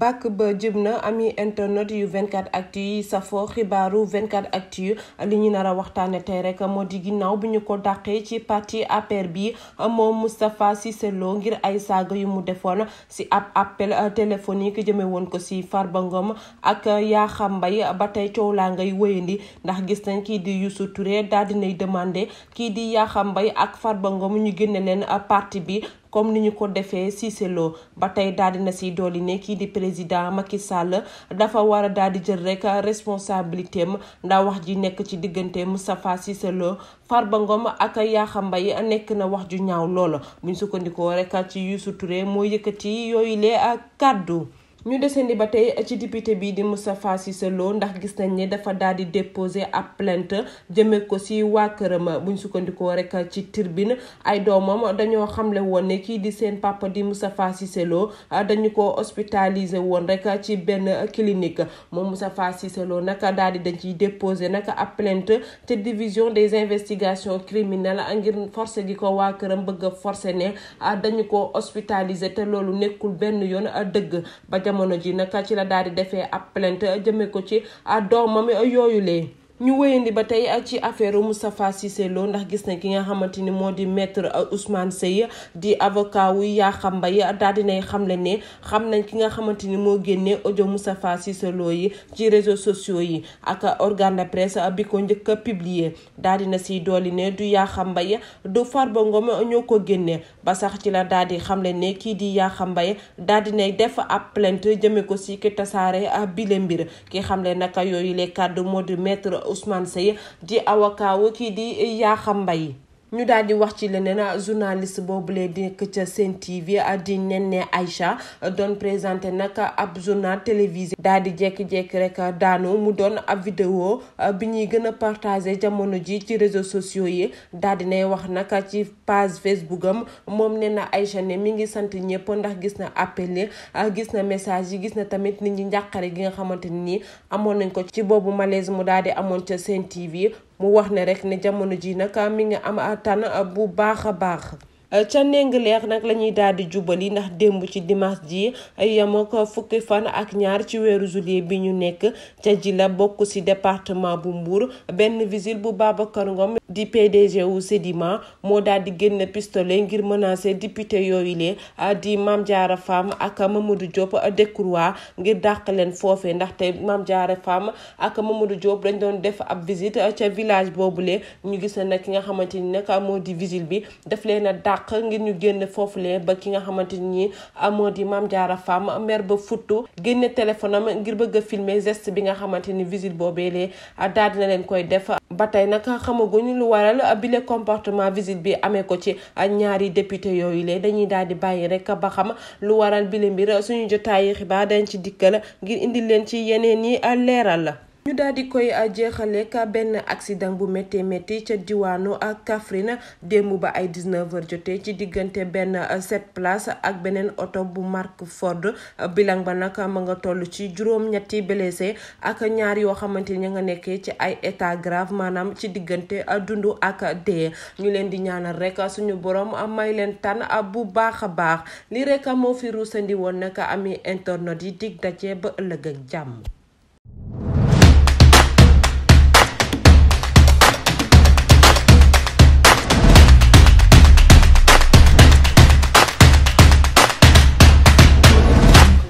bàkk ba jëm na ami internet yu 24 actu yi safoo xibaaru 24 actu yu li ñu nar a waxtaane tey rek moo di ginnaaw bu ñu ko dàqee ci parti APR bi moom Moustapha si Lo ngir ay saaga yu mu defoon si ab appel téléphonique jëme woon ko si Farba Ngom ak Yaxa Mbaye ba tey coow laa ngay wéyandi ndax gis nañ kii di Youssou Touré daal nay demandé kii di Yaxa Mbaye ak Farba Ngom ñu génne leen parti bi comme ni ñu ko defee Cissé Lo ba tey daal di na si dooli ne kii di président Macky Sall dafa war a daal di jël rek responsabilité am ndax wax ji nekk ci diggante Moustapha Cissé Lo Farba Ngom ak Yaxa a nekk na wax ju ñaaw loola bu ñu sukkandikoo rek ci Youssou Touré moo yëkkati yooyu lee ak kàddu ñu desandi ba tey ci député bii di Moustapha Cissé Lo ndax gis nañ ne dafa daal di déposé ab plainte jëmee ko si waa këram buñ sukkandikoo rek ci tribune ay doomam dañoo xamle woon ne kii di seen papa di Moustapha Cissé Lo dañu ko hospitalisé woon rek ci benn clinique moom Moustapha Cissé Lo nag daal di dañ ciy déposé nag ab plainte te division des investigations criminelles ngir forcé gi ko waa këram bëgg a forcé ne dañu ko hospitalisé te loolu nekkul benn yoon dëgg mën a ji nag ci la daal di defee ab plainte jëmee ko ci a ah, doomam yooyu lee ñu wéyandi ba tey ci affaire Moustapha Cissé Lo ndax gis nañ ki nga xamante ni moo di maître Ousmane Seye di avocat wu Yakham Mbaye daal dinay xamle ne xam nañ ki nga xamante ni moo génnee audio Moustapha Cissé Lo yi ci réseau sociaux yi ak organe de presse bi ko njëkk a publier daal dina siy dooli ne du Yakham Mbaye du Farba Ngom ñoo ko génnee ba sax ci la daal di xamle ne kii di Yakham Mbaye daal dinay def ab plainte jëme ko si ki tasaare bile mbir ki xamle naka yooyu les kàddu moo di Ousmane Seye di avocat wu kii di Yakham Mbaye ñu daal di wax ci leneen journaliste boobule di nekk ca Sen TV di nen Néné Aïcha doon présenté nag ab journal télévisé daal di jékki-jékki rek daanu mu doon ab vidéo euh, bi ñuy gën a partagé jamono ji ci réseau sociaux yi daal di nay wax nag ci page Facebook am moom na Aïcha ne mi ngi sant ñëpp ndax gis na appel euh, gis na message yi gis na tamit nit ñi njàqare gi nga xamante ni amoon nañ ko ci boobu malaise mu daal di amoon ca Sen TV mu wax ne rek ne jamono ji nag mi ngi am tànn bu baax a baax Euh, ca leer nag la ñuy daal di jubali ndax démb ci dimanche ji yem ak fukki fan ak ñaar ci weeru juillet bi ñu nekk ca ji la bokk ci département bu mbuur benn visite bu Babacar Ngom di PDG wu Sedima moo daal di génn pistolet ngir menacer député yooyu lee euh, di Mame Diarra Fam ak Mamadou Diop Decroix ngir dàq leen foofee ndaxte maam Diarra Fam ak Mamadou joob dañ doon def ab visite ca village boobu boobule ñu gis na ki nga xamante ni nag di visite bi daf àq ngir ñu génn foofu foofulee ba ki nga xamante ni amoo di Mame Diarra Fam mer ba futtu génne téléphone am ngir bëgg a gest bi nga xamante ni visite boobee lee daal na leen koy def ba tey nag xamaguñ lu waral bile comportement visite bi amee ko ci ñaari député yooyu lee dañuy daal di bàyyi rek ba xam lu waral bile mbir suñu jotaayi xibaar dañ ci la ngir indi leen ci yeneen yi leeral la ñu daal di koy euh, jeexale ka benn accident bu méttee métti ca diwaanu ak euh, Kaffrine démb ba ay 19h jotee ci diggante benn euh, sept place ak beneen oto bu marque Ford bilan ba nag ma nga toll ci juróom-ñetti blessé ak ñaar yoo xamante ni ña nga nekkee ci ay état grave maanaam ci diggante a dund ak dee ñu leen di ñaanal rek suñu borom may leen tan bu baax a baax li rek moo fi ruusandi woon nag ami internet yi dig daje ba ëllëg ak jàmm.